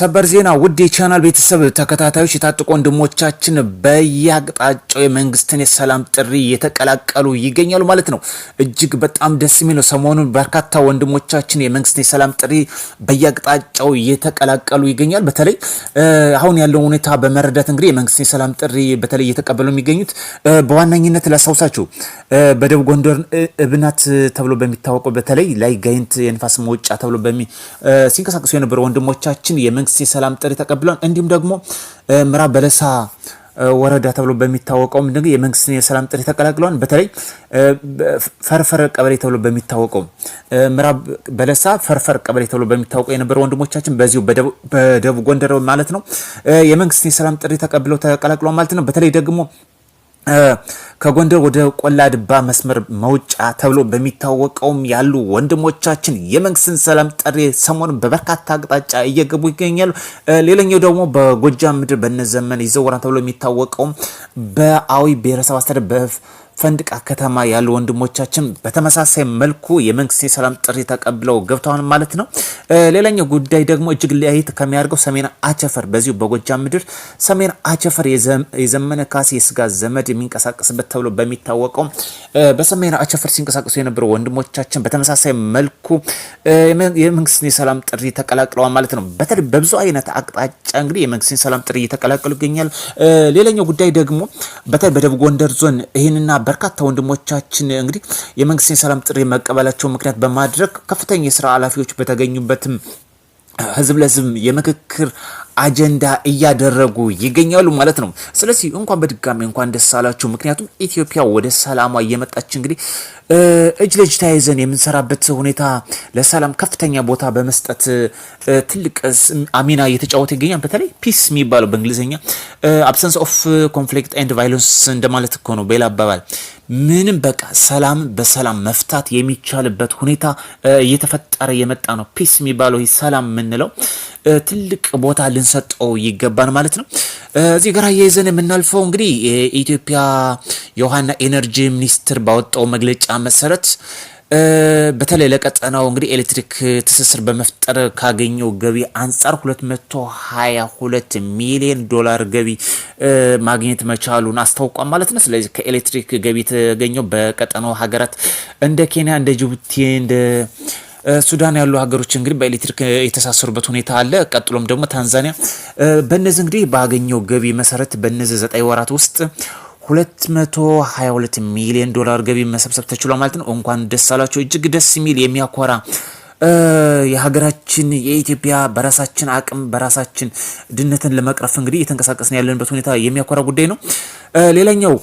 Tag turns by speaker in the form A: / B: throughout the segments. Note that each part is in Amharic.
A: ሰበር ዜና ውድ የቻናል ቤተሰብ ተከታታዮች፣ የታጠቁ ወንድሞቻችን በየአቅጣጫው የመንግስትን የሰላም ጥሪ እየተቀላቀሉ ይገኛሉ ማለት ነው። እጅግ በጣም ደስ የሚል ነው። ሰሞኑን በርካታ ወንድሞቻችን የመንግስትን የሰላም ጥሪ በየአቅጣጫው እየተቀላቀሉ ይገኛል። በተለይ አሁን ያለውን ሁኔታ በመረዳት እንግዲህ የመንግስትን የሰላም ጥሪ በተለይ እየተቀበሉ የሚገኙት በዋነኝነት ላስታውሳችሁ፣ በደቡብ ጎንደር እብናት ተብሎ በሚታወቀው በተለይ ላይ ጋይንት የንፋስ መውጫ ተብሎ ሲንቀሳቀሱ የነበረ ወንድሞቻችን የመንግስት መንግስት የሰላም ጥሪ ተቀብሏል። እንዲሁም ደግሞ ምዕራብ በለሳ ወረዳ ተብሎ በሚታወቀው ምድ የመንግስትን የሰላም ጥሪ ተቀላቅለዋል። በተለይ ፈርፈር ቀበሌ ተብሎ በሚታወቀው ምዕራብ በለሳ ፈርፈር ቀበሌ ተብሎ በሚታወቀው የነበሩ ወንድሞቻችን በዚሁ በደቡብ ጎንደር ማለት ነው የመንግስትን የሰላም ጥሪ ተቀብለው ተቀላቅለዋል ማለት ነው። በተለይ ደግሞ ከጎንደር ወደ ቆላ ድባ መስመር መውጫ ተብሎ በሚታወቀውም ያሉ ወንድሞቻችን የመንግስትን ሰላም ጥሪ ሰሞኑን በበርካታ አቅጣጫ እየገቡ ይገኛሉ። ሌላኛው ደግሞ በጎጃም ምድር በነዘመን ይዘወራል ተብሎ የሚታወቀውም በአዊ ብሔረሰብ አስተዳደር ፈንድቃ ከተማ ያሉ ወንድሞቻችን በተመሳሳይ መልኩ የመንግስት የሰላም ጥሪ ተቀብለው ገብተዋል ማለት ነው። ሌላኛው ጉዳይ ደግሞ እጅግ ለየት ከሚያደርገው ሰሜን አቸፈር በዚሁ በጎጃም ምድር ሰሜን አቸፈር የዘመነ ካሴ የስጋ ዘመድ የሚንቀሳቀስበት ተብሎ በሚታወቀው በሰሜን አቸፈር ሲንቀሳቀሱ የነበሩ ወንድሞቻችን በተመሳሳይ መልኩ የመንግስት የሰላም ጥሪ ተቀላቅለዋል ማለት ነው። በተለይ በብዙ አይነት አቅጣጫ አቅጣጫ እንግዲህ የመንግስትን ሰላም ጥሪ እየተቀላቀሉ ይገኛል። ሌላኛው ጉዳይ ደግሞ በተለይ በደቡብ ጎንደር ዞን ይህንና በርካታ ወንድሞቻችን እንግዲህ የመንግስትን ሰላም ጥሪ መቀበላቸው ምክንያት በማድረግ ከፍተኛ የስራ ኃላፊዎች በተገኙበትም ህዝብ ለህዝብ የምክክር አጀንዳ እያደረጉ ይገኛሉ ማለት ነው። ስለዚህ እንኳን በድጋሚ እንኳን ደስ አላችሁ። ምክንያቱም ኢትዮጵያ ወደ ሰላሟ እየመጣች እንግዲህ እጅ ለእጅ ተያይዘን የምንሰራበት ሁኔታ ለሰላም ከፍተኛ ቦታ በመስጠት ትልቅ ሚና እየተጫወተ ይገኛል። በተለይ ፒስ የሚባለው በእንግሊዝኛ አብሰንስ ኦፍ ኮንፍሊክት ኤንድ ቫይለንስ እንደማለት እኮ ነው በሌላ አባባል ምንም በቃ ሰላም በሰላም መፍታት የሚቻልበት ሁኔታ እየተፈጠረ የመጣ ነው። ፒስ የሚባለው ሰላም የምንለው ትልቅ ቦታ ልንሰጠው ይገባን ማለት ነው። እዚህ ጋር አያይዘን የምናልፈው እንግዲህ የኢትዮጵያ የውሃና ኤነርጂ ሚኒስቴር ባወጣው መግለጫ መሰረት በተለይ ለቀጠናው እንግዲህ ኤሌክትሪክ ትስስር በመፍጠር ካገኘው ገቢ አንጻር 222 ሚሊዮን ዶላር ገቢ ማግኘት መቻሉን አስታውቋል ማለት ነው። ስለዚህ ከኤሌክትሪክ ገቢ የተገኘው በቀጠናው ሀገራት እንደ ኬንያ፣ እንደ ጅቡቲ፣ እንደ ሱዳን ያሉ ሀገሮች እንግዲህ በኤሌክትሪክ የተሳሰሩበት ሁኔታ አለ። ቀጥሎም ደግሞ ታንዛኒያ በነዚህ እንግዲህ ባገኘው ገቢ መሰረት በነዚህ ዘጠኝ ወራት ውስጥ 222 ሚሊዮን ዶላር ገቢ መሰብሰብ ተችሏል ማለት ነው። እንኳን ደስ አላቸው። እጅግ ደስ የሚል የሚያኮራ የሀገራችን የኢትዮጵያ በራሳችን አቅም በራሳችን ድህነትን ለመቅረፍ እንግዲህ እየተንቀሳቀስን ያለንበት ሁኔታ የሚያኮራ ጉዳይ ነው። ሌላኛው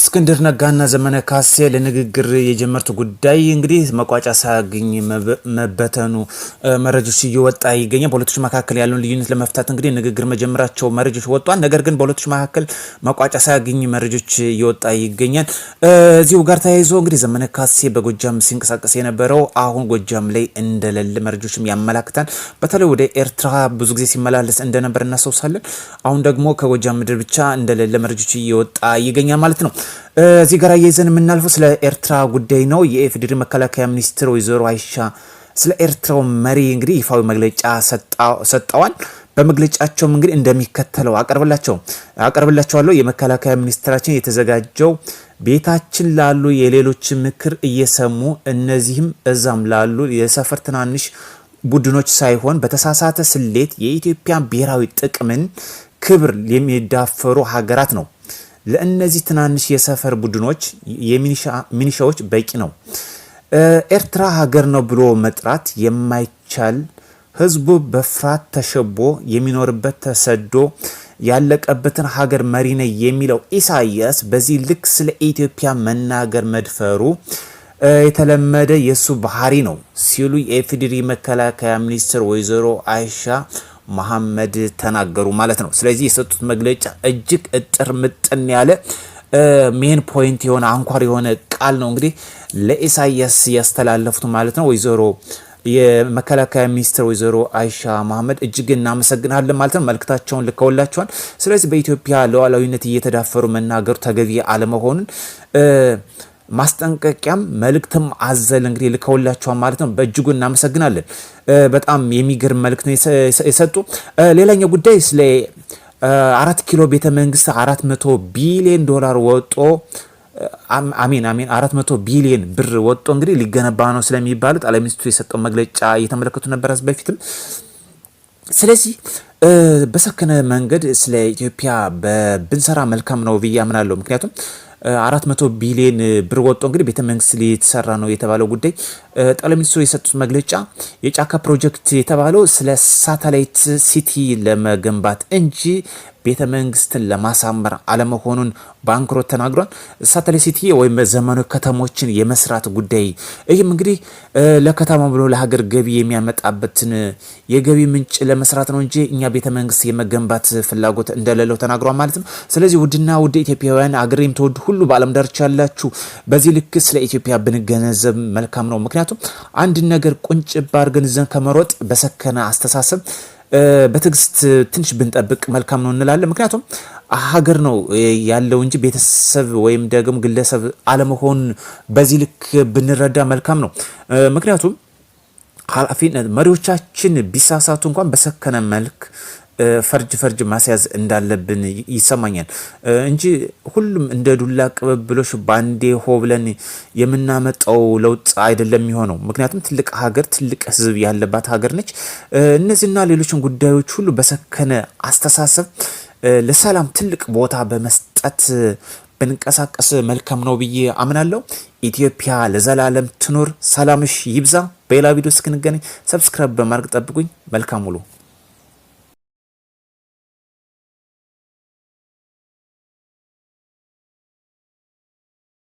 A: እስክንድር ነጋና ዘመነ ካሴ ለንግግር የጀመሩት ጉዳይ እንግዲህ መቋጫ ሳያገኝ መበተኑ መረጃዎች እየወጣ ይገኛል። በሁለቶች መካከል ያለውን ልዩነት ለመፍታት እንግዲህ ንግግር መጀመራቸው መረጃዎች ወጧል። ነገር ግን በሁለቶች መካከል መቋጫ ሳያገኝ መረጃዎች እየወጣ ይገኛል። እዚሁ ጋር ተያይዞ እንግዲህ ዘመነ ካሴ በጎጃም ሲንቀሳቀስ የነበረው አሁን ጎጃም ላይ እንደሌለ መረጃዎችም ያመላክታል። በተለይ ወደ ኤርትራ ብዙ ጊዜ ሲመላለስ እንደነበር እናስታውሳለን። አሁን ደግሞ ከጎጃም ምድር ብቻ እንደሌለ መረጃዎች እየወጣ ይገኛል። ማለት ነው። እዚህ ጋር እየይዘን የምናልፈው ስለ ኤርትራ ጉዳይ ነው። የኢፌዴሪ መከላከያ ሚኒስትር ወይዘሮ አይሻ ስለ ኤርትራው መሪ እንግዲህ ይፋዊ መግለጫ ሰጠዋል። በመግለጫቸውም እንግዲህ እንደሚከተለው አቀርብላቸው አቀርብላቸዋለሁ። የመከላከያ ሚኒስትራችን የተዘጋጀው ቤታችን ላሉ የሌሎች ምክር እየሰሙ እነዚህም እዛም ላሉ የሰፈር ትናንሽ ቡድኖች ሳይሆን በተሳሳተ ስሌት የኢትዮጵያ ብሔራዊ ጥቅምን ክብር የሚዳፈሩ ሀገራት ነው ለእነዚህ ትናንሽ የሰፈር ቡድኖች የሚኒሻዎች በቂ ነው። ኤርትራ ሀገር ነው ብሎ መጥራት የማይቻል ህዝቡ በፍርሃት ተሸቦ የሚኖርበት ተሰዶ ያለቀበትን ሀገር መሪ ነኝ የሚለው ኢሳያስ በዚህ ልክ ስለ ኢትዮጵያ መናገር መድፈሩ የተለመደ የእሱ ባህሪ ነው ሲሉ የኢፌዴሪ መከላከያ ሚኒስትር ወይዘሮ አይሻ መሐመድ ተናገሩ ማለት ነው። ስለዚህ የሰጡት መግለጫ እጅግ እጥር ምጥን ያለ ሜን ፖይንት የሆነ አንኳር የሆነ ቃል ነው እንግዲህ ለኢሳያስ ያስተላለፉት ማለት ነው። ወይዘሮ የመከላከያ ሚኒስትር ወይዘሮ አይሻ መሐመድ እጅግ እናመሰግናለን ማለት ነው። መልእክታቸውን ልከውላቸዋል። ስለዚህ በኢትዮጵያ ሉዓላዊነት እየተዳፈሩ መናገሩ ተገቢ አለመሆኑን ማስጠንቀቂያም መልእክትም አዘል እንግዲህ ልከውላቸዋል ማለት ነው። በእጅጉ እናመሰግናለን። በጣም የሚገርም መልእክት ነው የሰጡ። ሌላኛው ጉዳይ ስለ አራት ኪሎ ቤተ መንግስት አራት መቶ ቢሊዮን ዶላር ወጦ አሜን አሜን አራት መቶ ቢሊዮን ብር ወጦ እንግዲህ ሊገነባ ነው ስለሚባሉ ጠቅላይ ሚኒስትሩ የሰጠው መግለጫ እየተመለከቱ ነበር በፊትም። ስለዚህ በሰከነ መንገድ ስለ ኢትዮጵያ ብንሰራ መልካም ነው ብዬ አምናለሁ። ምክንያቱም 400 ቢሊዮን ብር ወጥቶ እንግዲህ ቤተ መንግስት ሊተሰራ ነው የተባለው ጉዳይ ጠቅላይ ሚኒስትሩ የሰጡት መግለጫ የጫካ ፕሮጀክት የተባለው ስለ ሳተላይት ሲቲ ለመገንባት እንጂ ቤተ መንግስትን ለማሳመር አለመሆኑን በአንክሮት ተናግሯል። ሳተላይት ሲቲ ወይም ዘመኑ ከተሞችን የመስራት ጉዳይ ይህም እንግዲህ ለከተማ ብሎ ለሀገር ገቢ የሚያመጣበትን የገቢ ምንጭ ለመስራት ነው እንጂ እኛ ቤተ መንግስት የመገንባት ፍላጎት እንደሌለው ተናግሯል ማለት ነው። ስለዚህ ውድና ውድ ኢትዮጵያውያን አገሬም የምትወዱ ሁሉ በዓለም ዳርቻ ያላችሁ በዚህ ልክ ስለ ኢትዮጵያ ብንገነዘብ መልካም ነው። ምክንያቱም አንድ ነገር ቁንጭ ባርገንዘን ከመሮጥ በሰከነ አስተሳሰብ በትዕግስት ትንሽ ብንጠብቅ መልካም ነው እንላለን። ምክንያቱም ሀገር ነው ያለው እንጂ ቤተሰብ ወይም ደግሞ ግለሰብ አለመሆን በዚህ ልክ ብንረዳ መልካም ነው። ምክንያቱም ኃላፊነት መሪዎቻችን ቢሳሳቱ እንኳን በሰከነ መልክ ፈርጅ ፈርጅ ማስያዝ እንዳለብን ይሰማኛል እንጂ ሁሉም እንደ ዱላ ቅብብሎሽ ባንዴ ሆ ብለን የምናመጣው ለውጥ አይደለም የሚሆነው። ምክንያቱም ትልቅ ሀገር፣ ትልቅ ሕዝብ ያለባት ሀገር ነች። እነዚህና ሌሎችን ጉዳዮች ሁሉ በሰከነ አስተሳሰብ ለሰላም ትልቅ ቦታ በመስጠት ብንቀሳቀስ መልካም ነው ብዬ አምናለሁ። ኢትዮጵያ ለዘላለም ትኑር፣ ሰላምሽ ይብዛ። በሌላ ቪዲዮ እስክንገናኝ ሰብስክራይብ በማድረግ ጠብቁኝ። መልካም ውሎ